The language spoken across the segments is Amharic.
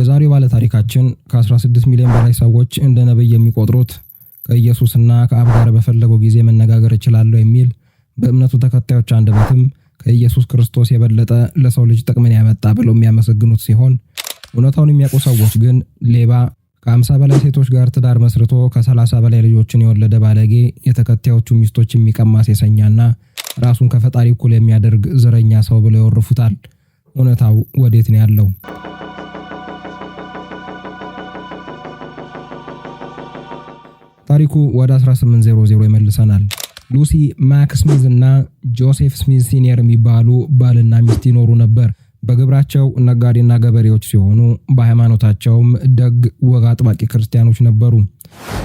የዛሬው ባለ ታሪካችን ከ16 ሚሊዮን በላይ ሰዎች እንደ ነቢይ የሚቆጥሩት ከኢየሱስና ከአብ ጋር በፈለገው ጊዜ መነጋገር እችላለሁ የሚል በእምነቱ ተከታዮች አንደበትም ከኢየሱስ ክርስቶስ የበለጠ ለሰው ልጅ ጥቅምን ያመጣ ብለው የሚያመሰግኑት ሲሆን እውነታውን የሚያውቁ ሰዎች ግን ሌባ፣ ከአምሳ በላይ ሴቶች ጋር ትዳር መስርቶ ከሰላሳ በላይ ልጆችን የወለደ ባለጌ፣ የተከታዮቹ ሚስቶች የሚቀማ ሴሰኛና ራሱን ከፈጣሪ እኩል የሚያደርግ ዘረኛ ሰው ብለው ይወርፉታል። እውነታው ወዴት ነው ያለው? ታሪኩ ወደ 1800 ይመልሰናል። ሉሲ ማክ ስሚዝ እና ጆሴፍ ስሚዝ ሲኒየር የሚባሉ ባልና ሚስት ይኖሩ ነበር። በግብራቸው ነጋዴና ገበሬዎች ሲሆኑ በሃይማኖታቸውም ደግ ወግ አጥባቂ ክርስቲያኖች ነበሩ።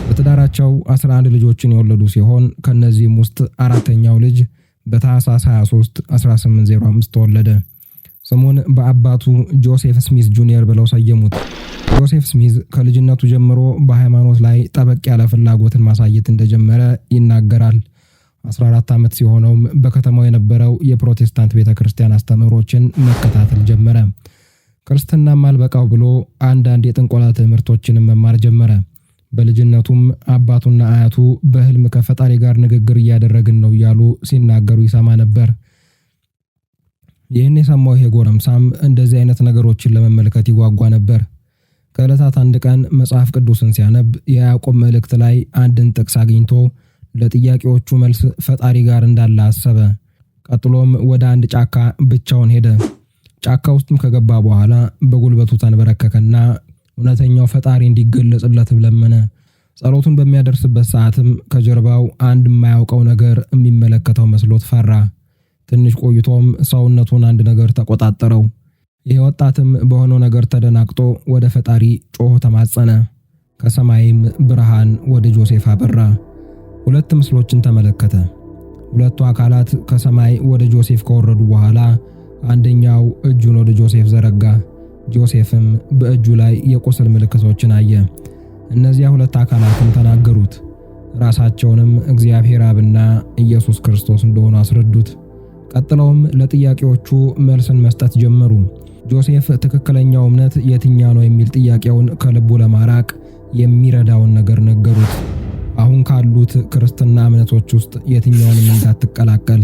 በትዳራቸው 11 ልጆችን የወለዱ ሲሆን ከእነዚህም ውስጥ አራተኛው ልጅ በታህሳስ 23 1805 ተወለደ። ስሙን በአባቱ ጆሴፍ ስሚዝ ጁኒየር ብለው ሰየሙት። ጆሴፍ ስሚዝ ከልጅነቱ ጀምሮ በሃይማኖት ላይ ጠበቅ ያለ ፍላጎትን ማሳየት እንደጀመረ ይናገራል። 14 ዓመት ሲሆነውም በከተማው የነበረው የፕሮቴስታንት ቤተ ክርስቲያን አስተምህሮችን መከታተል ጀመረ። ክርስትናም አልበቃው ብሎ አንዳንድ የጥንቆላ ትምህርቶችንም መማር ጀመረ። በልጅነቱም አባቱና አያቱ በህልም ከፈጣሪ ጋር ንግግር እያደረግን ነው እያሉ ሲናገሩ ይሰማ ነበር። ይህን የሰማው ይሄ ጎረምሳም እንደዚህ አይነት ነገሮችን ለመመልከት ይጓጓ ነበር። ከዕለታት አንድ ቀን መጽሐፍ ቅዱስን ሲያነብ የያዕቆብ መልእክት ላይ አንድን ጥቅስ አግኝቶ ለጥያቄዎቹ መልስ ፈጣሪ ጋር እንዳለ አሰበ። ቀጥሎም ወደ አንድ ጫካ ብቻውን ሄደ። ጫካ ውስጥም ከገባ በኋላ በጉልበቱ ተንበረከከና እውነተኛው ፈጣሪ እንዲገለጽለት ለመነ። ጸሎቱን በሚያደርስበት ሰዓትም ከጀርባው አንድ የማያውቀው ነገር የሚመለከተው መስሎት ፈራ። ትንሽ ቆይቶም ሰውነቱን አንድ ነገር ተቆጣጠረው። ይህ ወጣትም በሆነው ነገር ተደናግጦ ወደ ፈጣሪ ጮሆ ተማጸነ። ከሰማይም ብርሃን ወደ ጆሴፍ አበራ። ሁለት ምስሎችን ተመለከተ። ሁለቱ አካላት ከሰማይ ወደ ጆሴፍ ከወረዱ በኋላ አንደኛው እጁን ወደ ጆሴፍ ዘረጋ። ጆሴፍም በእጁ ላይ የቁስል ምልክቶችን አየ። እነዚያ ሁለት አካላትም ተናገሩት። ራሳቸውንም እግዚአብሔር አብና ኢየሱስ ክርስቶስ እንደሆኑ አስረዱት። ቀጥለውም ለጥያቄዎቹ መልስን መስጠት ጀመሩ። ጆሴፍ ትክክለኛው እምነት የትኛ ነው የሚል ጥያቄውን ከልቡ ለማራቅ የሚረዳውን ነገር ነገሩት። አሁን ካሉት ክርስትና እምነቶች ውስጥ የትኛውን እምነት አትቀላቀል፣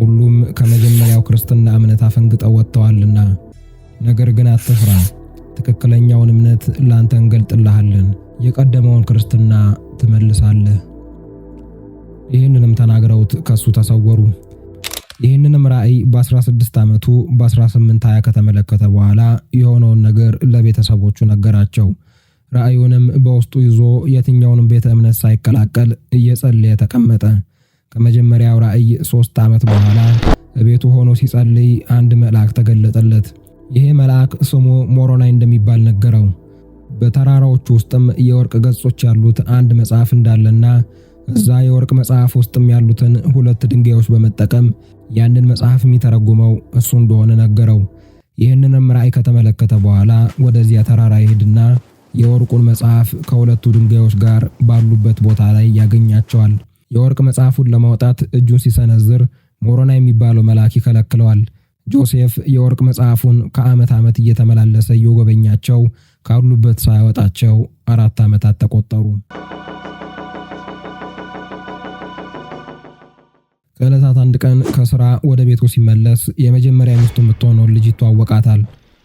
ሁሉም ከመጀመሪያው ክርስትና እምነት አፈንግጠው ወጥተዋልና። ነገር ግን አትፍራ፣ ትክክለኛውን እምነት ላንተ እንገልጥልሃለን፣ የቀደመውን ክርስትና ትመልሳለህ። ይህንንም ተናግረውት ከሱ ተሰወሩ። ይህንንም ራዕይ በ16 ዓመቱ በ1820 ከተመለከተ በኋላ የሆነውን ነገር ለቤተሰቦቹ ነገራቸው። ራዕዩንም በውስጡ ይዞ የትኛውንም ቤተ እምነት ሳይቀላቀል እየጸለየ ተቀመጠ። ከመጀመሪያው ራዕይ ሶስት ዓመት በኋላ ቤቱ ሆኖ ሲጸልይ አንድ መልአክ ተገለጠለት። ይሄ መልአክ ስሙ ሞሮናይ እንደሚባል ነገረው። በተራራዎች ውስጥም የወርቅ ገጾች ያሉት አንድ መጽሐፍ እንዳለና እዛ የወርቅ መጽሐፍ ውስጥም ያሉትን ሁለት ድንጋዮች በመጠቀም ያንን መጽሐፍ የሚተረጉመው እሱ እንደሆነ ነገረው። ይህንንም ራእይ ከተመለከተ በኋላ ወደዚያ ተራራ ይሄድና የወርቁን መጽሐፍ ከሁለቱ ድንጋዮች ጋር ባሉበት ቦታ ላይ ያገኛቸዋል። የወርቅ መጽሐፉን ለማውጣት እጁን ሲሰነዝር ሞሮና የሚባለው መልአክ ይከለክለዋል። ጆሴፍ የወርቅ መጽሐፉን ከዓመት ዓመት እየተመላለሰ እየጎበኛቸው ካሉበት ሳያወጣቸው አራት ዓመታት ተቆጠሩ። ከዕለታት አንድ ቀን ከስራ ወደ ቤቱ ሲመለስ የመጀመሪያ ሚስቱ የምትሆነውን ልጅ ይተዋወቃታል።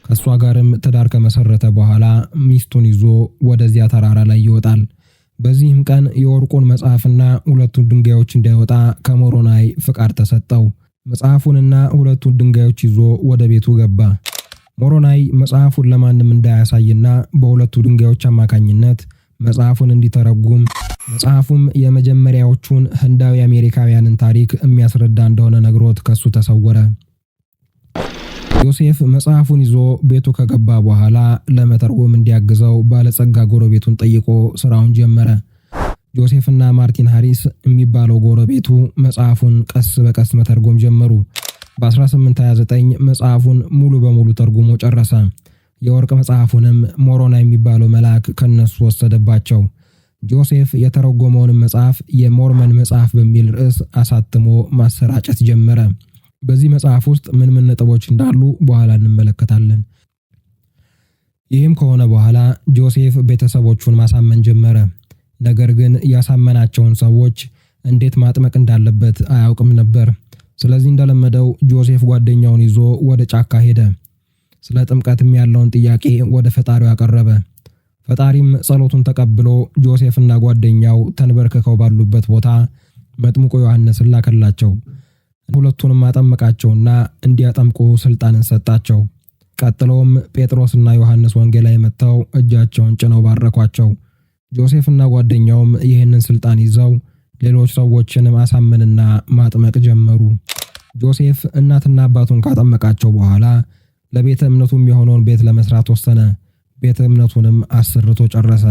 ከእሷ ጋርም ትዳር ከመሰረተ በኋላ ሚስቱን ይዞ ወደዚያ ተራራ ላይ ይወጣል። በዚህም ቀን የወርቁን መጽሐፍና ሁለቱን ድንጋዮች እንዳይወጣ ከሞሮናይ ፍቃድ ተሰጠው። መጽሐፉንና ሁለቱን ድንጋዮች ይዞ ወደ ቤቱ ገባ። ሞሮናይ መጽሐፉን ለማንም እንዳያሳይና በሁለቱ ድንጋዮች አማካኝነት መጽሐፉን እንዲተረጉም መጽሐፉም የመጀመሪያዎቹን ህንዳዊ አሜሪካውያንን ታሪክ የሚያስረዳ እንደሆነ ነግሮት ከሱ ተሰወረ። ዮሴፍ መጽሐፉን ይዞ ቤቱ ከገባ በኋላ ለመተርጎም እንዲያግዘው ባለጸጋ ጎረቤቱን ጠይቆ ስራውን ጀመረ። ጆሴፍና ማርቲን ሃሪስ የሚባለው ጎረቤቱ መጽሐፉን ቀስ በቀስ መተርጎም ጀመሩ። በ1829 መጽሐፉን ሙሉ በሙሉ ተርጉሞ ጨረሰ። የወርቅ መጽሐፉንም ሞሮና የሚባለው መልአክ ከነሱ ወሰደባቸው። ጆሴፍ የተረጎመውንም መጽሐፍ የሞርመን መጽሐፍ በሚል ርዕስ አሳትሞ ማሰራጨት ጀመረ። በዚህ መጽሐፍ ውስጥ ምን ምን ነጥቦች እንዳሉ በኋላ እንመለከታለን። ይህም ከሆነ በኋላ ጆሴፍ ቤተሰቦቹን ማሳመን ጀመረ። ነገር ግን ያሳመናቸውን ሰዎች እንዴት ማጥመቅ እንዳለበት አያውቅም ነበር። ስለዚህ እንደለመደው ጆሴፍ ጓደኛውን ይዞ ወደ ጫካ ሄደ። ስለ ጥምቀትም ያለውን ጥያቄ ወደ ፈጣሪው አቀረበ። ፈጣሪም ጸሎቱን ተቀብሎ ጆሴፍና ጓደኛው ተንበርክከው ባሉበት ቦታ መጥምቁ ዮሐንስን ላከላቸው። ሁለቱንም አጠመቃቸውና እንዲያጠምቁ ስልጣንን ሰጣቸው። ቀጥሎም ጴጥሮስና ዮሐንስ ላይ መጥተው እጃቸውን ጭነው ባረኳቸው። ጆሴፍና ጓደኛውም ይህንን ስልጣን ይዘው ሌሎች ሰዎችን ማሳመንና ማጥመቅ ጀመሩ። ጆሴፍ እናትና አባቱን ካጠመቃቸው በኋላ ለቤተ እምነቱ የሚሆነውን ቤት ለመስራት ወሰነ። ቤተ እምነቱንም አሰርቶ ጨረሰ።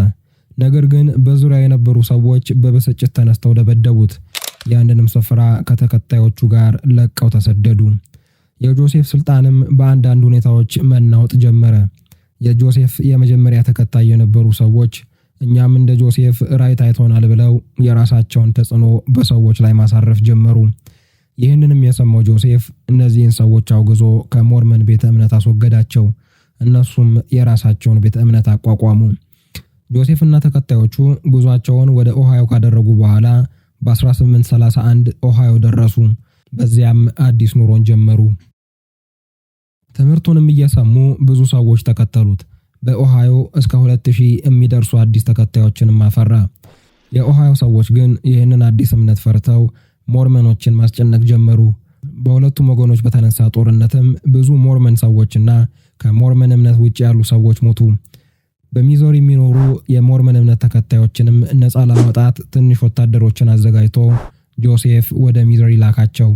ነገር ግን በዙሪያ የነበሩ ሰዎች በብስጭት ተነስተው ደበደቡት። ያንንም ስፍራ ከተከታዮቹ ጋር ለቀው ተሰደዱ። የጆሴፍ ስልጣንም በአንዳንድ ሁኔታዎች መናወጥ ጀመረ። የጆሴፍ የመጀመሪያ ተከታይ የነበሩ ሰዎች እኛም እንደ ጆሴፍ ራይት ታይቶናል ብለው የራሳቸውን ተጽዕኖ በሰዎች ላይ ማሳረፍ ጀመሩ። ይህንንም የሰማው ጆሴፍ እነዚህን ሰዎች አውግዞ ከሞርመን ቤተ እምነት አስወገዳቸው። እነሱም የራሳቸውን ቤተ እምነት አቋቋሙ። ጆሴፍና ተከታዮቹ ጉዟቸውን ወደ ኦሃዮ ካደረጉ በኋላ በ1831 ኦሃዮ ደረሱ። በዚያም አዲስ ኑሮን ጀመሩ። ትምህርቱንም እየሰሙ ብዙ ሰዎች ተከተሉት። በኦሃዮ እስከ 2000 የሚደርሱ አዲስ ተከታዮችንም አፈራ። የኦሃዮ ሰዎች ግን ይህንን አዲስ እምነት ፈርተው ሞርመኖችን ማስጨነቅ ጀመሩ። በሁለቱም ወገኖች በተነሳ ጦርነትም ብዙ ሞርመን ሰዎችና ከሞርመን እምነት ውጭ ያሉ ሰዎች ሞቱ። በሚዞሪ የሚኖሩ የሞርመን እምነት ተከታዮችንም ነፃ ለማውጣት ትንሽ ወታደሮችን አዘጋጅቶ ጆሴፍ ወደ ሚዞሪ ላካቸው።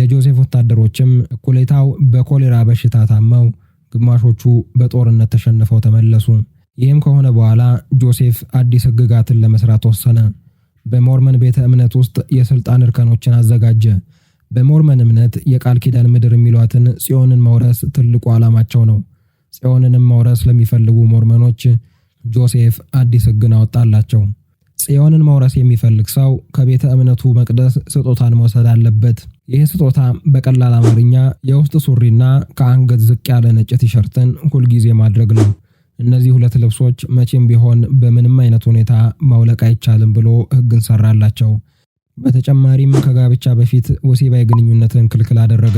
የጆሴፍ ወታደሮችም እኩሌታው በኮሌራ በሽታ ታመው፣ ግማሾቹ በጦርነት ተሸንፈው ተመለሱ። ይህም ከሆነ በኋላ ጆሴፍ አዲስ ሕግጋትን ለመስራት ወሰነ። በሞርመን ቤተ እምነት ውስጥ የስልጣን እርከኖችን አዘጋጀ። በሞርመን እምነት የቃል ኪዳን ምድር የሚሏትን ጽዮንን መውረስ ትልቁ ዓላማቸው ነው። ጽዮንንም መውረስ ለሚፈልጉ ሞርመኖች ጆሴፍ አዲስ ሕግን አወጣላቸው። ጽዮንን መውረስ የሚፈልግ ሰው ከቤተ እምነቱ መቅደስ ስጦታን መውሰድ አለበት። ይህ ስጦታ በቀላል አማርኛ የውስጥ ሱሪና ከአንገት ዝቅ ያለ ነጭ ቲሸርትን ሁልጊዜ ማድረግ ነው። እነዚህ ሁለት ልብሶች መቼም ቢሆን በምንም አይነት ሁኔታ ማውለቅ አይቻልም ብሎ ሕግን ሰራላቸው። በተጨማሪም ከጋብቻ በፊት ወሲባዊ ግንኙነትን ክልክል አደረገ።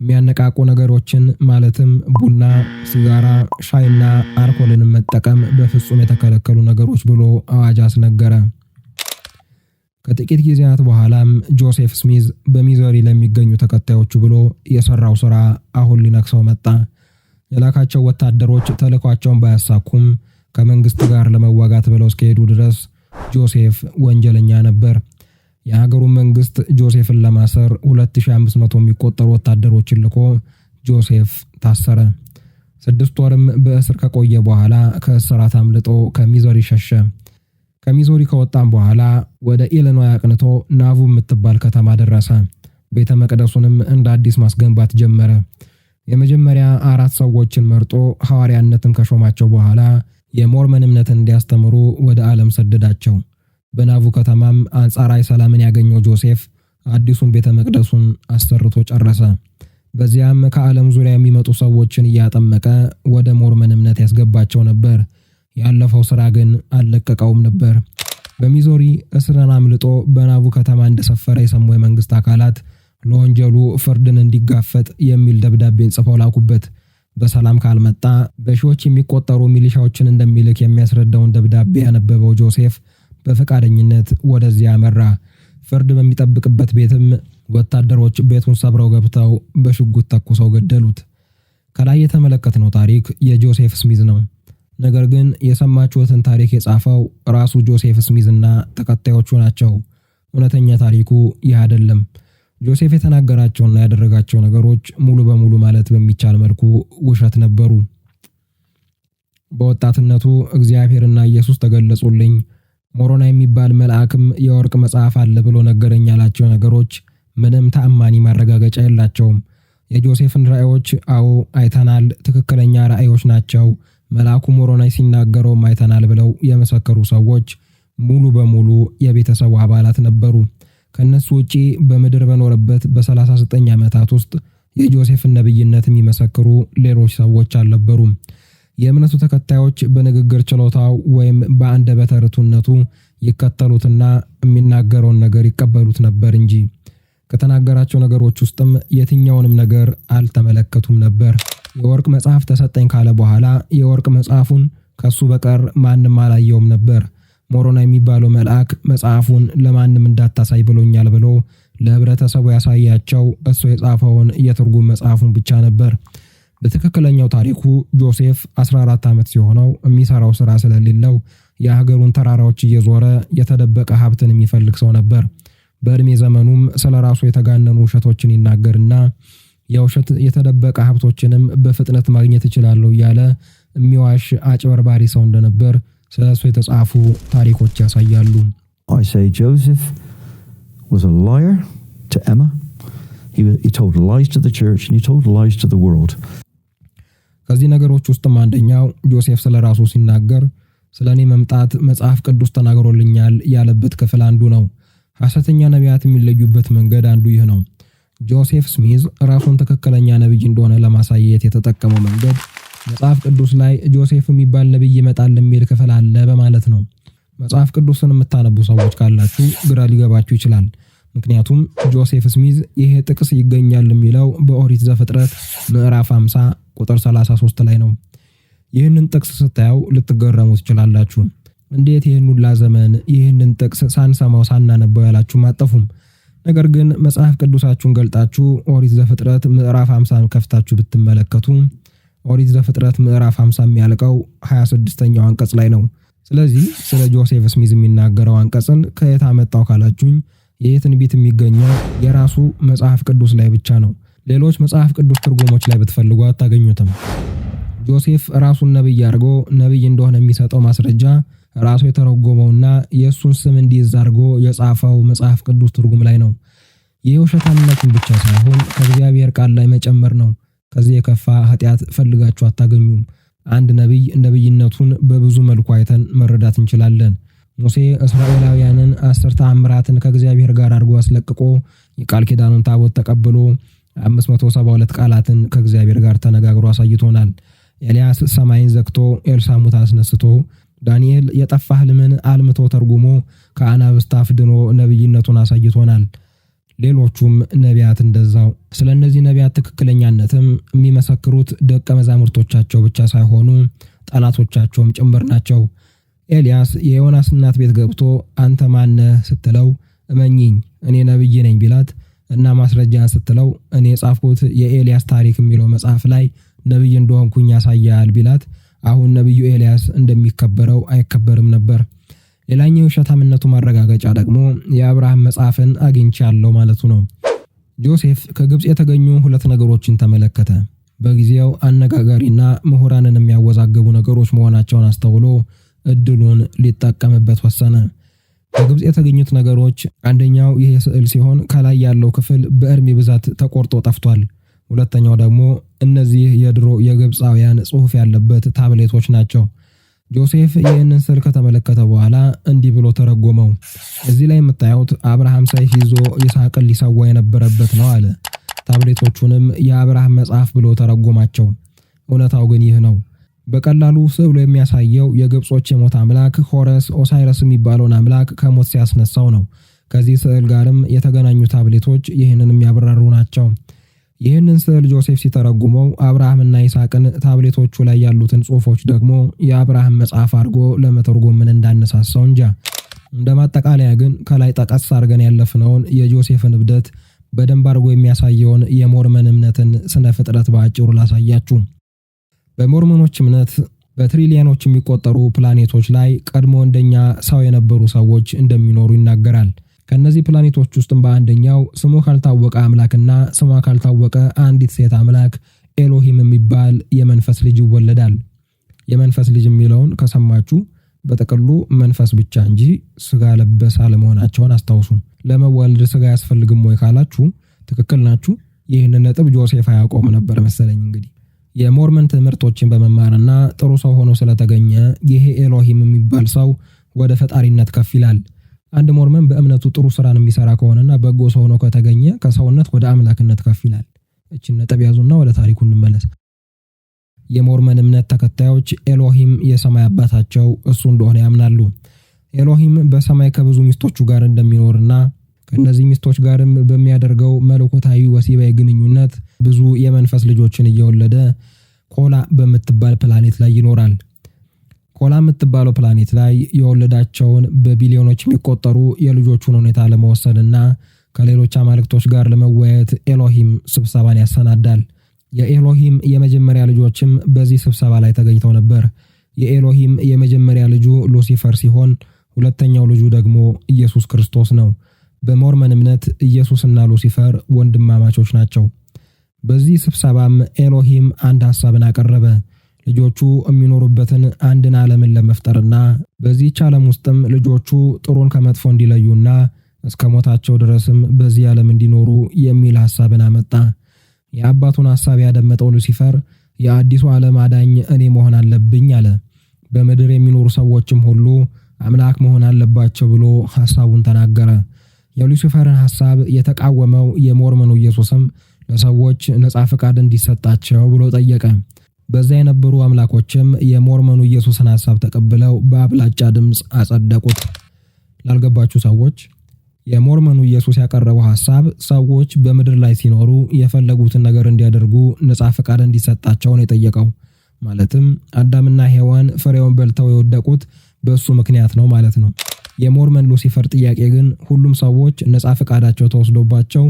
የሚያነቃቁ ነገሮችን ማለትም ቡና፣ ሲጋራ፣ ሻይና አልኮልንም መጠቀም በፍጹም የተከለከሉ ነገሮች ብሎ አዋጅ አስነገረ። ከጥቂት ጊዜያት በኋላም ጆሴፍ ስሚዝ በሚዘሪ ለሚገኙ ተከታዮቹ ብሎ የሰራው ስራ አሁን ሊነክሰው መጣ። የላካቸው ወታደሮች ተልኳቸውን ባያሳኩም ከመንግስት ጋር ለመዋጋት ብለው እስከሄዱ ድረስ ጆሴፍ ወንጀለኛ ነበር። የሀገሩ መንግስት ጆሴፍን ለማሰር 2500 የሚቆጠሩ ወታደሮችን ልኮ ጆሴፍ ታሰረ። ስድስት ወርም በእስር ከቆየ በኋላ ከእስራት አምልጦ ከሚዞሪ ሸሸ። ከሚዞሪ ከወጣም በኋላ ወደ ኢለኖይ አቅንቶ ናቡ የምትባል ከተማ ደረሰ። ቤተ መቅደሱንም እንደ አዲስ ማስገንባት ጀመረ። የመጀመሪያ አራት ሰዎችን መርጦ ሐዋርያነትም ከሾማቸው በኋላ የሞርመን እምነትን እንዲያስተምሩ ወደ ዓለም ሰደዳቸው። በናቡ ከተማም አንጻራዊ ሰላምን ያገኘው ጆሴፍ አዲሱን ቤተ መቅደሱን አሰርቶ ጨረሰ። በዚያም ከዓለም ዙሪያ የሚመጡ ሰዎችን እያጠመቀ ወደ ሞርመን እምነት ያስገባቸው ነበር። ያለፈው ሥራ ግን አልለቀቀውም ነበር። በሚዞሪ እስርን አምልጦ በናቡ ከተማ እንደሰፈረ የሰሙ የመንግሥት አካላት ለወንጀሉ ፍርድን እንዲጋፈጥ የሚል ደብዳቤን ጽፈው ላኩበት። በሰላም ካልመጣ በሺዎች የሚቆጠሩ ሚሊሻዎችን እንደሚልክ የሚያስረዳውን ደብዳቤ ያነበበው ጆሴፍ በፈቃደኝነት ወደዚያ አመራ። ፍርድ በሚጠብቅበት ቤትም ወታደሮች ቤቱን ሰብረው ገብተው በሽጉጥ ተኩሰው ገደሉት። ከላይ የተመለከትነው ታሪክ የጆሴፍ ስሚዝ ነው። ነገር ግን የሰማችሁትን ታሪክ የጻፈው ራሱ ጆሴፍ ስሚዝና ተከታዮቹ ናቸው። እውነተኛ ታሪኩ ይህ አይደለም። ጆሴፍ የተናገራቸውና ያደረጋቸው ነገሮች ሙሉ በሙሉ ማለት በሚቻል መልኩ ውሸት ነበሩ። በወጣትነቱ እግዚአብሔርና ኢየሱስ ተገለጹልኝ፣ ሞሮና የሚባል መልአክም የወርቅ መጽሐፍ አለ ብሎ ነገረኝ ያላቸው ነገሮች ምንም ተአማኒ ማረጋገጫ የላቸውም። የጆሴፍን ራእዮች አዎ አይተናል፣ ትክክለኛ ራእዮች ናቸው፣ መልአኩ ሞሮናይ ሲናገረውም አይተናል ብለው የመሰከሩ ሰዎች ሙሉ በሙሉ የቤተሰቡ አባላት ነበሩ። ከእነሱ ውጪ በምድር በኖረበት በ39 ዓመታት ውስጥ የጆሴፍን ነቢይነት የሚመሰክሩ ሌሎች ሰዎች አልነበሩም። የእምነቱ ተከታዮች በንግግር ችሎታው ወይም በአንደበተ በተርቱነቱ ይከተሉትና የሚናገረውን ነገር ይቀበሉት ነበር እንጂ ከተናገራቸው ነገሮች ውስጥም የትኛውንም ነገር አልተመለከቱም ነበር። የወርቅ መጽሐፍ ተሰጠኝ ካለ በኋላ የወርቅ መጽሐፉን ከሱ በቀር ማንም አላየውም ነበር። ሞሮና የሚባለው መልአክ መጽሐፉን ለማንም እንዳታሳይ ብሎኛል ብሎ ለህብረተሰቡ ያሳያቸው እሱ የጻፈውን የትርጉም መጽሐፉን ብቻ ነበር። በትክክለኛው ታሪኩ ጆሴፍ 14 ዓመት ሲሆነው የሚሰራው ስራ ስለሌለው የሀገሩን ተራራዎች እየዞረ የተደበቀ ሀብትን የሚፈልግ ሰው ነበር። በእድሜ ዘመኑም ስለ ራሱ የተጋነኑ ውሸቶችን ይናገርና የውሸት የተደበቀ ሀብቶችንም በፍጥነት ማግኘት እችላለሁ እያለ የሚዋሽ አጭበርባሪ ሰው እንደነበር ስለ እሱ የተጻፉ ታሪኮች ያሳያሉ። ጆሴፍ was ከዚህ ነገሮች ውስጥም አንደኛው ጆሴፍ ስለ ራሱ ሲናገር ስለ እኔ መምጣት መጽሐፍ ቅዱስ ተናግሮልኛል ያለበት ክፍል አንዱ ነው። ሐሰተኛ ነቢያት የሚለዩበት መንገድ አንዱ ይህ ነው። ጆሴፍ ስሚዝ ራሱን ትክክለኛ ነቢይ እንደሆነ ለማሳየት የተጠቀመው መንገድ መጽሐፍ ቅዱስ ላይ ጆሴፍ የሚባል ነቢይ ይመጣል የሚል ክፍል አለ በማለት ነው። መጽሐፍ ቅዱስን የምታነቡ ሰዎች ካላችሁ ግራ ሊገባችሁ ይችላል። ምክንያቱም ጆሴፍ ስሚዝ ይሄ ጥቅስ ይገኛል የሚለው በኦሪት ዘፍጥረት ምዕራፍ 50 ቁጥር 33 ላይ ነው። ይህንን ጥቅስ ስታየው ልትገረሙ ትችላላችሁ። እንዴት ይህን ሁላ ዘመን ይህንን ጥቅስ ሳንሰማው ሳናነበው ያላችሁም አጠፉም። ነገር ግን መጽሐፍ ቅዱሳችሁን ገልጣችሁ ኦሪት ዘፍጥረት ምዕራፍ 50ን ከፍታችሁ ብትመለከቱ ኦሪት ዘፍጥረት ምዕራፍ 50 የሚያልቀው 26ኛው አንቀጽ ላይ ነው። ስለዚህ ስለ ጆሴፍ ስሚዝ የሚናገረው አንቀጽን ከየት አመጣው ካላችሁኝ ይህ ትንቢት የሚገኘው የራሱ መጽሐፍ ቅዱስ ላይ ብቻ ነው። ሌሎች መጽሐፍ ቅዱስ ትርጉሞች ላይ ብትፈልጉ አታገኙትም። ጆሴፍ ራሱን ነቢይ አድርጎ ነቢይ እንደሆነ የሚሰጠው ማስረጃ ራሱ የተረጎመውና የእሱን ስም እንዲይዝ አድርጎ የጻፈው መጽሐፍ ቅዱስ ትርጉም ላይ ነው። ይህ ውሸታምነትን ብቻ ሳይሆን ከእግዚአብሔር ቃል ላይ መጨመር ነው። ከዚህ የከፋ ኃጢአት ፈልጋችሁ አታገኙም። አንድ ነቢይ ነቢይነቱን በብዙ መልኩ አይተን መረዳት እንችላለን። ሙሴ እስራኤላውያንን አስር ተአምራትን ከእግዚአብሔር ጋር አድርጎ አስለቅቆ የቃል ኪዳኑን ታቦት ተቀብሎ 572 ቃላትን ከእግዚአብሔር ጋር ተነጋግሮ አሳይቶናል። ኤልያስ ሰማይን ዘግቶ ኤልሳሙት አስነስቶ ዳንኤል የጠፋ ሕልምን አልምቶ ተርጉሞ ከአናብስት አፍ ድኖ ነቢይነቱን አሳይቶናል። ሌሎቹም ነቢያት እንደዛው። ስለ እነዚህ ነቢያት ትክክለኛነትም የሚመሰክሩት ደቀ መዛሙርቶቻቸው ብቻ ሳይሆኑ ጠላቶቻቸውም ጭምር ናቸው። ኤልያስ የዮናስ እናት ቤት ገብቶ አንተ ማነህ ስትለው እመኚኝ እኔ ነብይ ነኝ ቢላት እና ማስረጃን ስትለው እኔ የጻፍኩት የኤልያስ ታሪክ የሚለው መጽሐፍ ላይ ነቢይ እንደሆንኩኝ ያሳያል ቢላት አሁን ነቢዩ ኤልያስ እንደሚከበረው አይከበርም ነበር። ሌላኛው የውሸታምነቱ ማረጋገጫ ደግሞ የአብርሃም መጽሐፍን አግኝቻለሁ ማለቱ ነው። ጆሴፍ ከግብፅ የተገኙ ሁለት ነገሮችን ተመለከተ። በጊዜው አነጋጋሪና ምሁራንን የሚያወዛግቡ ነገሮች መሆናቸውን አስተውሎ እድሉን ሊጠቀምበት ወሰነ። ከግብፅ የተገኙት ነገሮች አንደኛው ይህ ስዕል ሲሆን ከላይ ያለው ክፍል በእድሜ ብዛት ተቆርጦ ጠፍቷል። ሁለተኛው ደግሞ እነዚህ የድሮ የግብፃውያን ጽሑፍ ያለበት ታብሌቶች ናቸው። ጆሴፍ ይህንን ስዕል ከተመለከተ በኋላ እንዲህ ብሎ ተረጎመው። እዚህ ላይ የምታዩት አብርሃም ሰይፍ ይዞ ይስሐቅን ሊሰዋ የነበረበት ነው አለ። ታብሌቶቹንም የአብርሃም መጽሐፍ ብሎ ተረጎማቸው። እውነታው ግን ይህ ነው። በቀላሉ ስዕሉ የሚያሳየው የግብጾች የሞት አምላክ ሆረስ ኦሳይረስ የሚባለውን አምላክ ከሞት ሲያስነሳው ነው። ከዚህ ስዕል ጋርም የተገናኙ ታብሌቶች ይህንን የሚያብራሩ ናቸው። ይህንን ስዕል ጆሴፍ ሲተረጉመው አብርሃምና ይስሐቅን ታብሌቶቹ ላይ ያሉትን ጽሑፎች ደግሞ የአብርሃም መጽሐፍ አድርጎ ለመተርጎም ምን እንዳነሳሳው እንጃ። እንደ ማጠቃለያ ግን ከላይ ጠቀስ አድርገን ያለፍነውን የጆሴፍን እብደት በደንብ አድርጎ የሚያሳየውን የሞርመን እምነትን ስነ ፍጥረት በአጭሩ ላሳያችሁ። በሞርመኖች እምነት በትሪሊዮኖች የሚቆጠሩ ፕላኔቶች ላይ ቀድሞ እንደኛ ሰው የነበሩ ሰዎች እንደሚኖሩ ይናገራል። ከእነዚህ ፕላኔቶች ውስጥም በአንደኛው ስሙ ካልታወቀ አምላክና ስሟ ካልታወቀ አንዲት ሴት አምላክ ኤሎሂም የሚባል የመንፈስ ልጅ ይወለዳል። የመንፈስ ልጅ የሚለውን ከሰማችሁ በጥቅሉ መንፈስ ብቻ እንጂ ስጋ ለበስ አለመሆናቸውን አስታውሱ። ለመወለድ ስጋ ያስፈልግም ወይ ካላችሁ ትክክል ናችሁ። ይህን ነጥብ ጆሴፍ አያቆም ነበር መሰለኝ። እንግዲህ የሞርመን ትምህርቶችን በመማርና ጥሩ ሰው ሆኖ ስለተገኘ ይሄ ኤሎሂም የሚባል ሰው ወደ ፈጣሪነት ከፍ ይላል። አንድ ሞርመን በእምነቱ ጥሩ ስራን የሚሰራ ከሆነና በጎ ሰው ሆኖ ከተገኘ ከሰውነት ወደ አምላክነት ከፍ ይላል። እችን ነጥብ ያዙና ወደ ታሪኩ እንመለስ። የሞርመን እምነት ተከታዮች ኤሎሂም የሰማይ አባታቸው እሱ እንደሆነ ያምናሉ። ኤሎሂም በሰማይ ከብዙ ሚስቶቹ ጋር እንደሚኖርና ከእነዚህ ሚስቶች ጋርም በሚያደርገው መለኮታዊ ወሲባዊ ግንኙነት ብዙ የመንፈስ ልጆችን እየወለደ ኮላ በምትባል ፕላኔት ላይ ይኖራል። ቆላ የምትባለው ፕላኔት ላይ የወለዳቸውን በቢሊዮኖች የሚቆጠሩ የልጆቹን ሁኔታ ለመወሰንና ከሌሎች አማልክቶች ጋር ለመወያየት ኤሎሂም ስብሰባን ያሰናዳል። የኤሎሂም የመጀመሪያ ልጆችም በዚህ ስብሰባ ላይ ተገኝተው ነበር። የኤሎሂም የመጀመሪያ ልጁ ሉሲፈር ሲሆን ሁለተኛው ልጁ ደግሞ ኢየሱስ ክርስቶስ ነው። በሞርመን እምነት ኢየሱስና ሉሲፈር ወንድማማቾች ናቸው። በዚህ ስብሰባም ኤሎሂም አንድ ሐሳብን አቀረበ። ልጆቹ የሚኖሩበትን አንድን ዓለምን ለመፍጠርና በዚህች ዓለም ውስጥም ልጆቹ ጥሩን ከመጥፎ እንዲለዩና እስከ ሞታቸው ድረስም በዚህ ዓለም እንዲኖሩ የሚል ሐሳብን አመጣ። የአባቱን ሐሳብ ያደመጠው ሉሲፈር የአዲሱ ዓለም አዳኝ እኔ መሆን አለብኝ አለ። በምድር የሚኖሩ ሰዎችም ሁሉ አምላክ መሆን አለባቸው ብሎ ሐሳቡን ተናገረ። የሉሲፈርን ሐሳብ የተቃወመው የሞርመኑ ኢየሱስም ለሰዎች ነፃ ፈቃድ እንዲሰጣቸው ብሎ ጠየቀ። በዚያ የነበሩ አምላኮችም የሞርመኑ ኢየሱስን ሐሳብ ተቀብለው በአብላጫ ድምፅ አጸደቁት። ላልገባችሁ ሰዎች የሞርመኑ ኢየሱስ ያቀረበው ሐሳብ ሰዎች በምድር ላይ ሲኖሩ የፈለጉትን ነገር እንዲያደርጉ ነጻ ፈቃድ እንዲሰጣቸውን የጠየቀው ማለትም አዳምና ሔዋን ፍሬውን በልተው የወደቁት በእሱ ምክንያት ነው ማለት ነው። የሞርመን ሉሲፈር ጥያቄ ግን ሁሉም ሰዎች ነጻ ፈቃዳቸው ተወስዶባቸው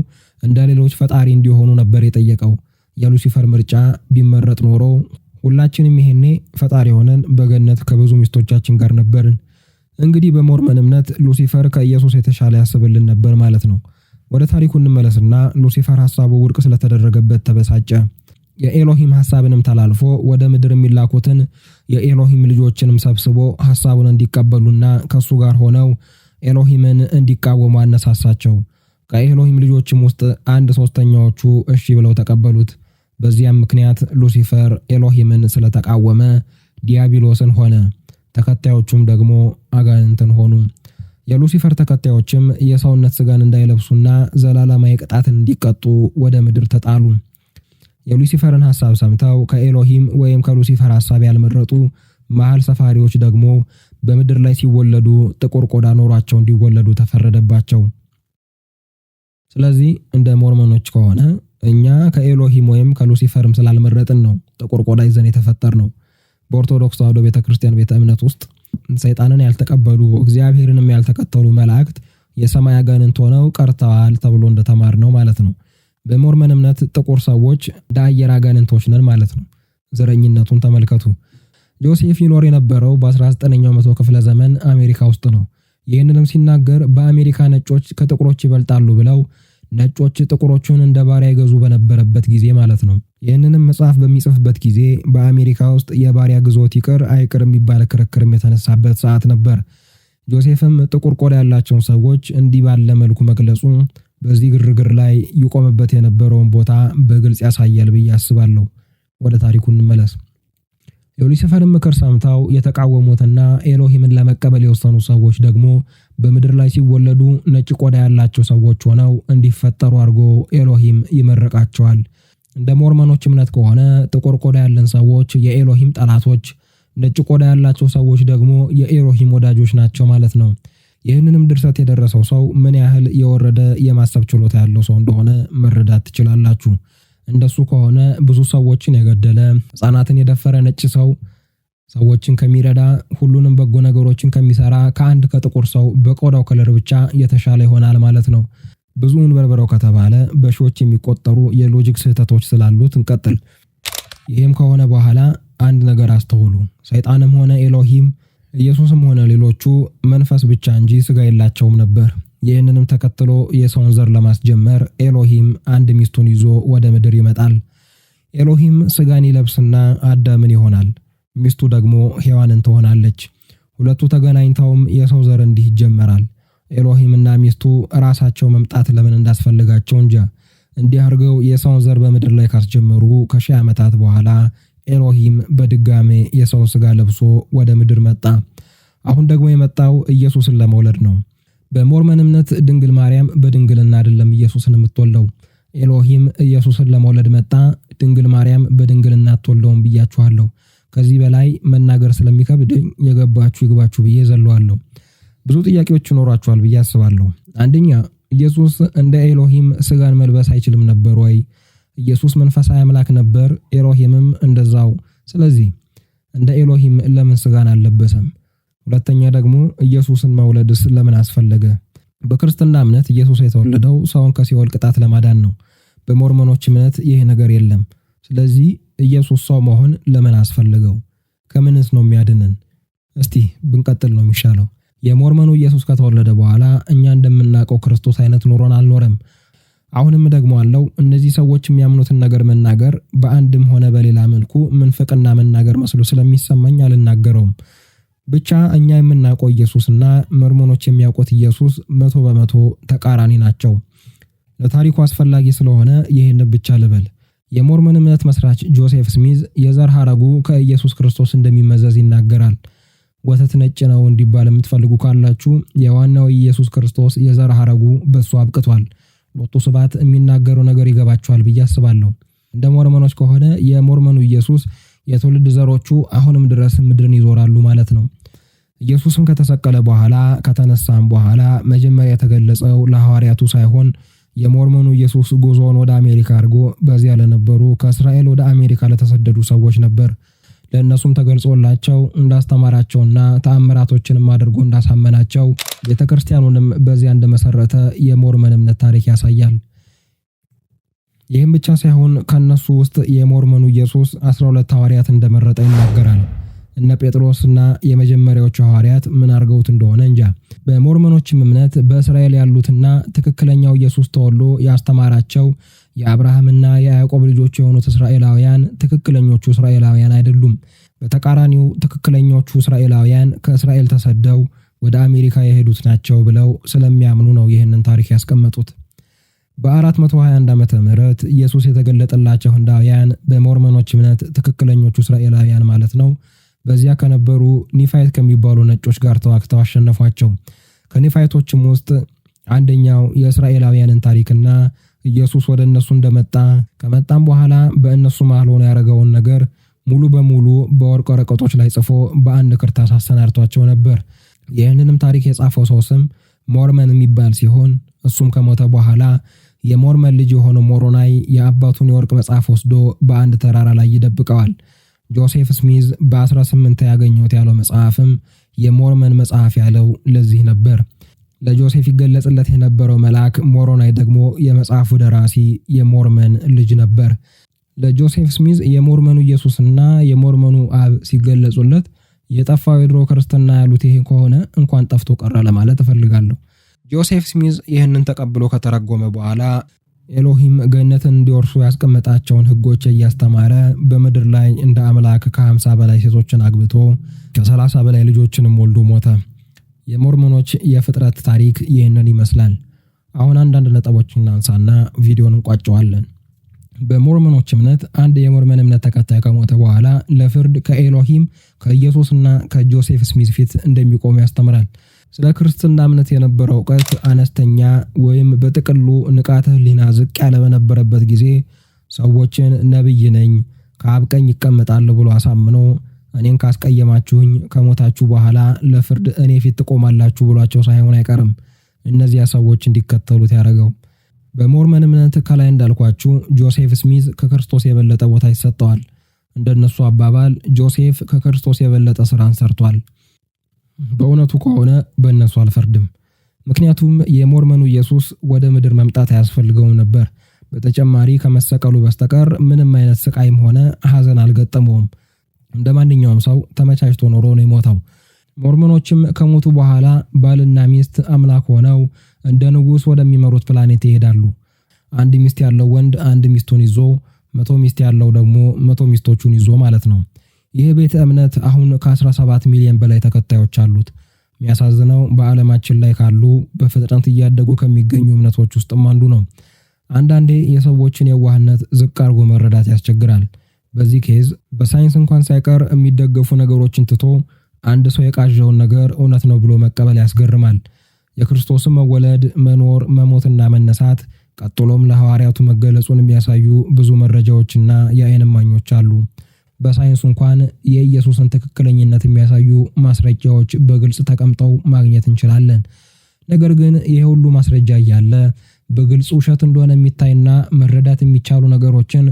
እንደ ሌሎች ፈጣሪ እንዲሆኑ ነበር የጠየቀው። የሉሲፈር ምርጫ ቢመረጥ ኖሮ ሁላችንም ይሄኔ ፈጣሪ ሆነን በገነት ከብዙ ሚስቶቻችን ጋር ነበርን። እንግዲህ በሞርመን እምነት ሉሲፈር ከኢየሱስ የተሻለ ያስብልን ነበር ማለት ነው። ወደ ታሪኩ እንመለስና ሉሲፈር ሐሳቡ ውድቅ ስለተደረገበት ተበሳጨ። የኤሎሂም ሐሳብንም ተላልፎ ወደ ምድር የሚላኩትን የኤሎሂም ልጆችንም ሰብስቦ ሐሳቡን እንዲቀበሉና ከእሱ ጋር ሆነው ኤሎሂምን እንዲቃወሙ አነሳሳቸው። ከኤሎሂም ልጆችም ውስጥ አንድ ሦስተኛዎቹ እሺ ብለው ተቀበሉት። በዚያም ምክንያት ሉሲፈር ኤሎሂምን ስለተቃወመ ዲያብሎስን ሆነ፣ ተከታዮቹም ደግሞ አጋንንትን ሆኑ። የሉሲፈር ተከታዮችም የሰውነት ስጋን እንዳይለብሱና ዘላለማዊ ቅጣትን እንዲቀጡ ወደ ምድር ተጣሉ። የሉሲፈርን ሐሳብ ሰምተው ከኤሎሂም ወይም ከሉሲፈር ሐሳብ ያልመረጡ መሐል ሰፋሪዎች ደግሞ በምድር ላይ ሲወለዱ ጥቁር ቆዳ ኖሯቸው እንዲወለዱ ተፈረደባቸው። ስለዚህ እንደ ሞርሞኖች ከሆነ እኛ ከኤሎሂም ወይም ከሉሲፈርም ስላልመረጥን ነው ጥቁር ቆዳ ይዘን የተፈጠር ነው። በኦርቶዶክስ ተዋህዶ ቤተ ክርስቲያን ቤተ እምነት ውስጥ ሰይጣንን ያልተቀበሉ እግዚአብሔርንም ያልተከተሉ መላእክት የሰማይ አጋንንት ሆነው ቀርተዋል ተብሎ እንደተማር ነው ማለት ነው። በሞርመን እምነት ጥቁር ሰዎች እንደ አየር አጋንንቶች ነን ማለት ነው። ዘረኝነቱን ተመልከቱ። ጆሴፍ ይኖር የነበረው በ19ኛው መቶ ክፍለ ዘመን አሜሪካ ውስጥ ነው። ይህንንም ሲናገር በአሜሪካ ነጮች ከጥቁሮች ይበልጣሉ ብለው ነጮች ጥቁሮቹን እንደ ባሪያ ይገዙ በነበረበት ጊዜ ማለት ነው። ይህንንም መጽሐፍ በሚጽፍበት ጊዜ በአሜሪካ ውስጥ የባሪያ ግዞት ይቅር አይቅር የሚባል ክርክርም የተነሳበት ሰዓት ነበር። ጆሴፍም ጥቁር ቆዳ ያላቸውን ሰዎች እንዲህ ባለ መልኩ መግለጹ በዚህ ግርግር ላይ ይቆምበት የነበረውን ቦታ በግልጽ ያሳያል ብዬ አስባለሁ። ወደ ታሪኩ እንመለስ። የሉሲፈርን ምክር ሰምተው የተቃወሙትና ኤሎሂምን ለመቀበል የወሰኑ ሰዎች ደግሞ በምድር ላይ ሲወለዱ ነጭ ቆዳ ያላቸው ሰዎች ሆነው እንዲፈጠሩ አድርጎ ኤሎሂም ይመርቃቸዋል። እንደ ሞርመኖች እምነት ከሆነ ጥቁር ቆዳ ያለን ሰዎች የኤሎሂም ጠላቶች፣ ነጭ ቆዳ ያላቸው ሰዎች ደግሞ የኤሎሂም ወዳጆች ናቸው ማለት ነው። ይህንንም ድርሰት የደረሰው ሰው ምን ያህል የወረደ የማሰብ ችሎታ ያለው ሰው እንደሆነ መረዳት ትችላላችሁ። እንደሱ ከሆነ ብዙ ሰዎችን የገደለ ሕፃናትን የደፈረ ነጭ ሰው ሰዎችን ከሚረዳ ሁሉንም በጎ ነገሮችን ከሚሰራ ከአንድ ከጥቁር ሰው በቆዳው ከለር ብቻ የተሻለ ይሆናል ማለት ነው። ብዙውን በርበረው ከተባለ በሺዎች የሚቆጠሩ የሎጂክ ስህተቶች ስላሉት እንቀጥል። ይህም ከሆነ በኋላ አንድ ነገር አስተውሉ። ሰይጣንም ሆነ ኤሎሂም ኢየሱስም ሆነ ሌሎቹ መንፈስ ብቻ እንጂ ስጋ የላቸውም ነበር። ይህንንም ተከትሎ የሰውን ዘር ለማስጀመር ኤሎሂም አንድ ሚስቱን ይዞ ወደ ምድር ይመጣል። ኤሎሂም ስጋን ይለብስና አዳምን ይሆናል። ሚስቱ ደግሞ ሔዋንን ትሆናለች። ሁለቱ ተገናኝተውም የሰው ዘር እንዲህ ይጀመራል። ኤሎሂምና ሚስቱ ራሳቸው መምጣት ለምን እንዳስፈልጋቸው እንጃ። እንዲህ አድርገው የሰውን ዘር በምድር ላይ ካስጀመሩ ከሺህ ዓመታት በኋላ ኤሎሂም በድጋሜ የሰውን ሥጋ ለብሶ ወደ ምድር መጣ። አሁን ደግሞ የመጣው ኢየሱስን ለመውለድ ነው። በሞርመን እምነት ድንግል ማርያም በድንግልና አይደለም ኢየሱስን የምትወልደው። ኤሎሂም ኢየሱስን ለመውለድ መጣ፣ ድንግል ማርያም በድንግልና አትወልደውም ብያችኋለሁ። ከዚህ በላይ መናገር ስለሚከብድኝ የገባችሁ ይግባችሁ ብዬ ዘለዋለሁ። ብዙ ጥያቄዎች ይኖሯችኋል ብዬ አስባለሁ። አንደኛ ኢየሱስ እንደ ኤሎሂም ስጋን መልበስ አይችልም ነበር ወይ? ኢየሱስ መንፈሳዊ አምላክ ነበር፣ ኤሎሂምም እንደዛው። ስለዚህ እንደ ኤሎሂም ለምን ስጋን አልለበሰም? ሁለተኛ ደግሞ ኢየሱስን መውለድስ ለምን አስፈለገ? በክርስትና እምነት ኢየሱስ የተወለደው ሰውን ከሲኦል ቅጣት ለማዳን ነው። በሞርሞኖች እምነት ይህ ነገር የለም። ስለዚህ ኢየሱስ ሰው መሆን ለምን አስፈልገው? ከምንስ ነው የሚያድንን? እስቲ ብንቀጥል ነው የሚሻለው። የሞርመኑ ኢየሱስ ከተወለደ በኋላ እኛ እንደምናውቀው ክርስቶስ አይነት ኑሮን አልኖረም። አሁንም ደግሞ አለው እነዚህ ሰዎች የሚያምኑትን ነገር መናገር በአንድም ሆነ በሌላ መልኩ ምንፍቅና መናገር መስሎ ስለሚሰማኝ አልናገረውም። ብቻ እኛ የምናውቀው ኢየሱስና መርሞኖች የሚያውቁት ኢየሱስ መቶ በመቶ ተቃራኒ ናቸው። ለታሪኩ አስፈላጊ ስለሆነ ይህን ብቻ ልበል። የሞርመን እምነት መስራች ጆሴፍ ስሚዝ የዘር ሐረጉ ከኢየሱስ ክርስቶስ እንደሚመዘዝ ይናገራል። ወተት ነጭ ነው እንዲባል የምትፈልጉ ካላችሁ የዋናው ኢየሱስ ክርስቶስ የዘር ሐረጉ በእሱ አብቅቷል። ሎቱ ስብሐት የሚናገሩ ነገር ይገባችኋል ብዬ አስባለሁ። እንደ ሞርመኖች ከሆነ የሞርመኑ ኢየሱስ የትውልድ ዘሮቹ አሁንም ድረስ ምድርን ይዞራሉ ማለት ነው። ኢየሱስም ከተሰቀለ በኋላ ከተነሳም በኋላ መጀመሪያ የተገለጸው ለሐዋርያቱ ሳይሆን የሞርሞኑ ኢየሱስ ጉዞውን ወደ አሜሪካ አድርጎ በዚያ ለነበሩ ከእስራኤል ወደ አሜሪካ ለተሰደዱ ሰዎች ነበር። ለእነሱም ተገልጾላቸው እንዳስተማራቸውና ተአምራቶችንም አድርጎ እንዳሳመናቸው ቤተ ክርስቲያኑንም በዚያ እንደመሰረተ የሞርመን እምነት ታሪክ ያሳያል። ይህም ብቻ ሳይሆን ከእነሱ ውስጥ የሞርመኑ ኢየሱስ 12 ሐዋርያት እንደመረጠ ይናገራል። እነ ጴጥሮስና የመጀመሪያዎቹ ሐዋርያት ምን አድርገውት እንደሆነ እንጃ። በሞርመኖችም እምነት በእስራኤል ያሉትና ትክክለኛው ኢየሱስ ተወልዶ ያስተማራቸው የአብርሃምና የያዕቆብ ልጆች የሆኑት እስራኤላውያን ትክክለኞቹ እስራኤላውያን አይደሉም። በተቃራኒው ትክክለኞቹ እስራኤላውያን ከእስራኤል ተሰደው ወደ አሜሪካ የሄዱት ናቸው ብለው ስለሚያምኑ ነው ይህንን ታሪክ ያስቀመጡት። በ421 ዓመተ ምህረት ኢየሱስ የተገለጠላቸው ህንዳውያን በሞርመኖች እምነት ትክክለኞቹ እስራኤላውያን ማለት ነው በዚያ ከነበሩ ኒፋይት ከሚባሉ ነጮች ጋር ተዋግተው አሸነፏቸው። ከኒፋይቶችም ውስጥ አንደኛው የእስራኤላውያንን ታሪክና ኢየሱስ ወደ እነሱ እንደመጣ ከመጣም በኋላ በእነሱ መሃል ሆኖ ያደረገውን ነገር ሙሉ በሙሉ በወርቅ ወረቀቶች ላይ ጽፎ በአንድ ክርታስ አሰናድቷቸው ነበር። ይህንንም ታሪክ የጻፈው ሰው ስም ሞርመን የሚባል ሲሆን እሱም ከሞተ በኋላ የሞርመን ልጅ የሆነው ሞሮናይ የአባቱን የወርቅ መጽሐፍ ወስዶ በአንድ ተራራ ላይ ይደብቀዋል። ጆሴፍ ስሚዝ በ18 ያገኘሁት ያለው መጽሐፍም የሞርመን መጽሐፍ ያለው ለዚህ ነበር። ለጆሴፍ ይገለጽለት የነበረው መልአክ ሞሮናይ ደግሞ የመጽሐፉ ደራሲ የሞርመን ልጅ ነበር። ለጆሴፍ ስሚዝ የሞርመኑ ኢየሱስና የሞርመኑ አብ ሲገለጹለት የጠፋው የድሮ ክርስትና ያሉት ይሄ ከሆነ እንኳን ጠፍቶ ቀረ ለማለት እፈልጋለሁ። ጆሴፍ ስሚዝ ይህንን ተቀብሎ ከተረጎመ በኋላ ኤሎሂም ገነትን እንዲወርሱ ያስቀመጣቸውን ሕጎች እያስተማረ በምድር ላይ እንደ አምላክ ከ በላይ ሴቶችን አግብቶ ከ በላይ ልጆችንም ወልዶ ሞተ። የሞርሞኖች የፍጥረት ታሪክ ይህንን ይመስላል። አሁን አንዳንድ ነጥቦችን እናንሳና ቪዲዮን እንቋጨዋለን። በሞርመኖች እምነት አንድ የሞርመን እምነት ተከታይ ከሞተ በኋላ ለፍርድ ከኤሎሂም ከኢየሱስና ከጆሴፍ ስሚዝ ፊት እንደሚቆሙ ያስተምራል። ስለ ክርስትና እምነት የነበረው እውቀት አነስተኛ ወይም በጥቅሉ ንቃተ ሕሊና ዝቅ ያለ በነበረበት ጊዜ ሰዎችን ነቢይ ነኝ ከአብ ቀኝ ብሎ አሳምኖ እኔን ካስቀየማችሁኝ ከሞታችሁ በኋላ ለፍርድ እኔ ፊት ትቆማላችሁ ብሏቸው ሳይሆን አይቀርም እነዚያ ሰዎች እንዲከተሉት ያደረገው። በሞርመን እምነት ከላይ እንዳልኳችሁ ጆሴፍ ስሚዝ ከክርስቶስ የበለጠ ቦታ ይሰጠዋል። እንደነሱ አባባል ጆሴፍ ከክርስቶስ የበለጠ ስራን ሰርቷል። በእውነቱ ከሆነ በእነሱ አልፈርድም። ምክንያቱም የሞርመኑ ኢየሱስ ወደ ምድር መምጣት አያስፈልገውም ነበር። በተጨማሪ ከመሰቀሉ በስተቀር ምንም አይነት ስቃይም ሆነ ሐዘን አልገጠመውም። እንደ ማንኛውም ሰው ተመቻችቶ ኖሮ ነው የሞተው። ሞርመኖችም ከሞቱ በኋላ ባልና ሚስት አምላክ ሆነው እንደ ንጉሥ ወደሚመሩት ፕላኔት ይሄዳሉ። አንድ ሚስት ያለው ወንድ አንድ ሚስቱን ይዞ፣ መቶ ሚስት ያለው ደግሞ መቶ ሚስቶቹን ይዞ ማለት ነው። ይህ ቤተ እምነት አሁን ከ17 ሚሊዮን በላይ ተከታዮች አሉት። የሚያሳዝነው በዓለማችን ላይ ካሉ በፍጥነት እያደጉ ከሚገኙ እምነቶች ውስጥም አንዱ ነው። አንዳንዴ የሰዎችን የዋህነት ዝቅ አድርጎ መረዳት ያስቸግራል። በዚህ ኬዝ በሳይንስ እንኳን ሳይቀር የሚደገፉ ነገሮችን ትቶ አንድ ሰው የቃዣውን ነገር እውነት ነው ብሎ መቀበል ያስገርማል። የክርስቶስን መወለድ፣ መኖር፣ መሞትና መነሳት ቀጥሎም ለሐዋርያቱ መገለጹን የሚያሳዩ ብዙ መረጃዎችና የአይን እማኞች አሉ። በሳይንሱ እንኳን የኢየሱስን ትክክለኝነት የሚያሳዩ ማስረጃዎች በግልጽ ተቀምጠው ማግኘት እንችላለን። ነገር ግን ይህ ሁሉ ማስረጃ እያለ በግልጽ ውሸት እንደሆነ የሚታይና መረዳት የሚቻሉ ነገሮችን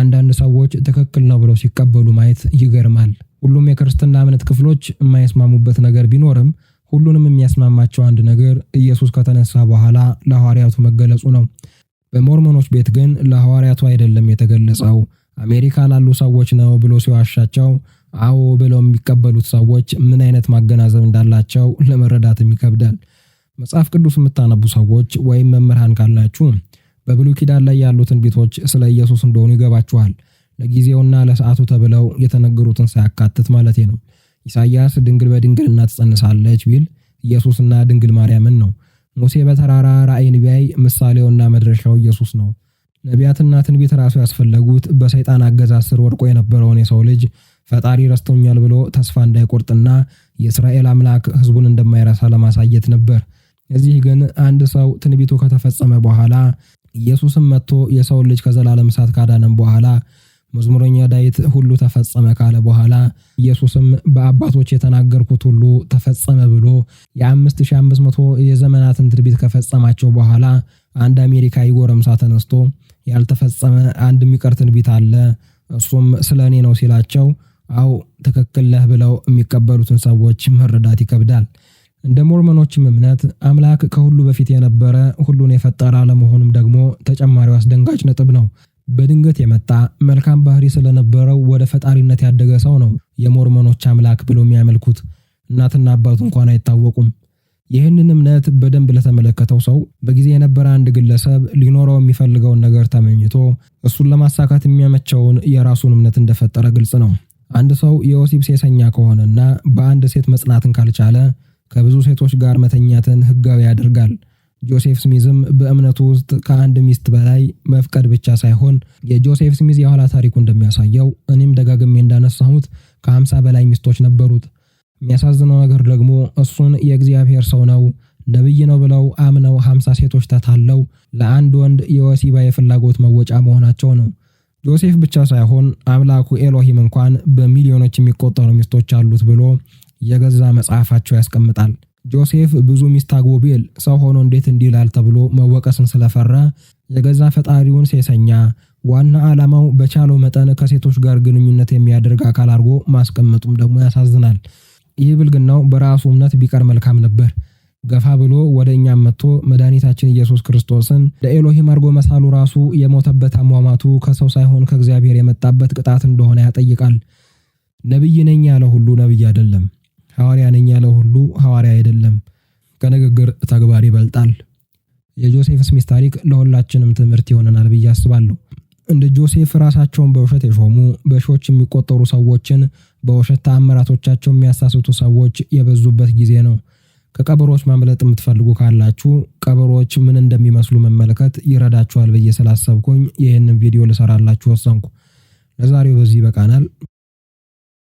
አንዳንድ ሰዎች ትክክል ነው ብለው ሲቀበሉ ማየት ይገርማል። ሁሉም የክርስትና እምነት ክፍሎች የማይስማሙበት ነገር ቢኖርም ሁሉንም የሚያስማማቸው አንድ ነገር ኢየሱስ ከተነሳ በኋላ ለሐዋርያቱ መገለጹ ነው። በሞርሞኖች ቤት ግን ለሐዋርያቱ አይደለም የተገለጸው አሜሪካ ላሉ ሰዎች ነው ብሎ ሲዋሻቸው አዎ ብለው የሚቀበሉት ሰዎች ምን አይነት ማገናዘብ እንዳላቸው ለመረዳትም ይከብዳል። መጽሐፍ ቅዱስ የምታነቡ ሰዎች ወይም መምህራን ካላችሁ በብሉይ ኪዳን ላይ ያሉ ትንቢቶች ስለ ኢየሱስ እንደሆኑ ይገባችኋል። ለጊዜውና ለሰዓቱ ተብለው የተነገሩትን ሳያካትት ማለቴ ነው። ኢሳይያስ ድንግል በድንግልና ትጸንሳለች ቢል ኢየሱስና ድንግል ማርያምን ነው። ሙሴ በተራራ ራእይን ቢያይ ምሳሌውና መድረሻው ኢየሱስ ነው። ነቢያትና ትንቢት ራሱ ያስፈለጉት በሰይጣን አገዛዝ ስር ወድቆ የነበረውን የሰው ልጅ ፈጣሪ ረስቶኛል ብሎ ተስፋ እንዳይቆርጥና የእስራኤል አምላክ ሕዝቡን እንደማይረሳ ለማሳየት ነበር። እዚህ ግን አንድ ሰው ትንቢቱ ከተፈጸመ በኋላ ኢየሱስም መጥቶ የሰውን ልጅ ከዘላለም እሳት ካዳነም በኋላ መዝሙረኛ ዳዊት ሁሉ ተፈጸመ ካለ በኋላ ኢየሱስም በአባቶች የተናገርኩት ሁሉ ተፈጸመ ብሎ የ5500 የዘመናትን ትንቢት ከፈጸማቸው በኋላ አንድ አሜሪካዊ ጎረምሳ ተነስቶ ያልተፈጸመ አንድ የሚቀር ትንቢት አለ፣ እሱም ስለ እኔ ነው ሲላቸው አው ትክክል ነህ ብለው የሚቀበሉትን ሰዎች መረዳት ይከብዳል። እንደ ሞርመኖችም እምነት አምላክ ከሁሉ በፊት የነበረ ሁሉን የፈጠረ አለመሆኑም ደግሞ ተጨማሪው አስደንጋጭ ነጥብ ነው። በድንገት የመጣ መልካም ባህሪ ስለነበረው ወደ ፈጣሪነት ያደገ ሰው ነው የሞርመኖች አምላክ ብሎ የሚያመልኩት። እናትና አባቱ እንኳን አይታወቁም። ይህንን እምነት በደንብ ለተመለከተው ሰው በጊዜ የነበረ አንድ ግለሰብ ሊኖረው የሚፈልገውን ነገር ተመኝቶ እሱን ለማሳካት የሚያመቸውን የራሱን እምነት እንደፈጠረ ግልጽ ነው። አንድ ሰው የወሲብ ሴሰኛ ከሆነና በአንድ ሴት መጽናትን ካልቻለ ከብዙ ሴቶች ጋር መተኛትን ህጋዊ ያደርጋል። ጆሴፍ ስሚዝም በእምነቱ ውስጥ ከአንድ ሚስት በላይ መፍቀድ ብቻ ሳይሆን የጆሴፍ ስሚዝ የኋላ ታሪኩ እንደሚያሳየው እኔም ደጋግሜ እንዳነሳሁት ከ50 በላይ ሚስቶች ነበሩት። የሚያሳዝነው ነገር ደግሞ እሱን የእግዚአብሔር ሰው ነው ነብይ ነው ብለው አምነው ሀምሳ ሴቶች ተታለው ለአንድ ወንድ የወሲባ የፍላጎት መወጫ መሆናቸው ነው። ዮሴፍ ብቻ ሳይሆን አምላኩ ኤሎሂም እንኳን በሚሊዮኖች የሚቆጠሩ ሚስቶች አሉት ብሎ የገዛ መጽሐፋቸው ያስቀምጣል። ጆሴፍ ብዙ ሚስት አጎቤል ሰው ሆኖ እንዴት እንዲላል ተብሎ መወቀስን ስለፈራ የገዛ ፈጣሪውን ሴሰኛ፣ ዋና ዓላማው በቻለው መጠን ከሴቶች ጋር ግንኙነት የሚያደርግ አካል አድርጎ ማስቀመጡም ደግሞ ያሳዝናል። ይህ ብልግናው በራሱ እምነት ቢቀር መልካም ነበር። ገፋ ብሎ ወደ እኛም መጥቶ መድኃኒታችን ኢየሱስ ክርስቶስን ለኤሎሂም አርጎ መሳሉ ራሱ የሞተበት አሟሟቱ ከሰው ሳይሆን ከእግዚአብሔር የመጣበት ቅጣት እንደሆነ ያጠይቃል። ነቢይ ነኝ ያለ ሁሉ ነቢይ አይደለም፣ ሐዋርያ ነኝ ያለ ሁሉ ሐዋርያ አይደለም። ከንግግር ተግባር ይበልጣል። የጆሴፍ ስሚስ ታሪክ ለሁላችንም ትምህርት ይሆነናል ብዬ አስባለሁ። እንደ ጆሴፍ ራሳቸውን በውሸት የሾሙ በሺዎች የሚቆጠሩ ሰዎችን በውሸት ተአምራቶቻቸው የሚያሳስቱ ሰዎች የበዙበት ጊዜ ነው። ከቀበሮች ማምለጥ የምትፈልጉ ካላችሁ ቀበሮች ምን እንደሚመስሉ መመልከት ይረዳችኋል ብዬ ስላሰብኩኝ ይህንን ቪዲዮ ልሰራላችሁ ወሰንኩ። ለዛሬው በዚህ ይበቃናል።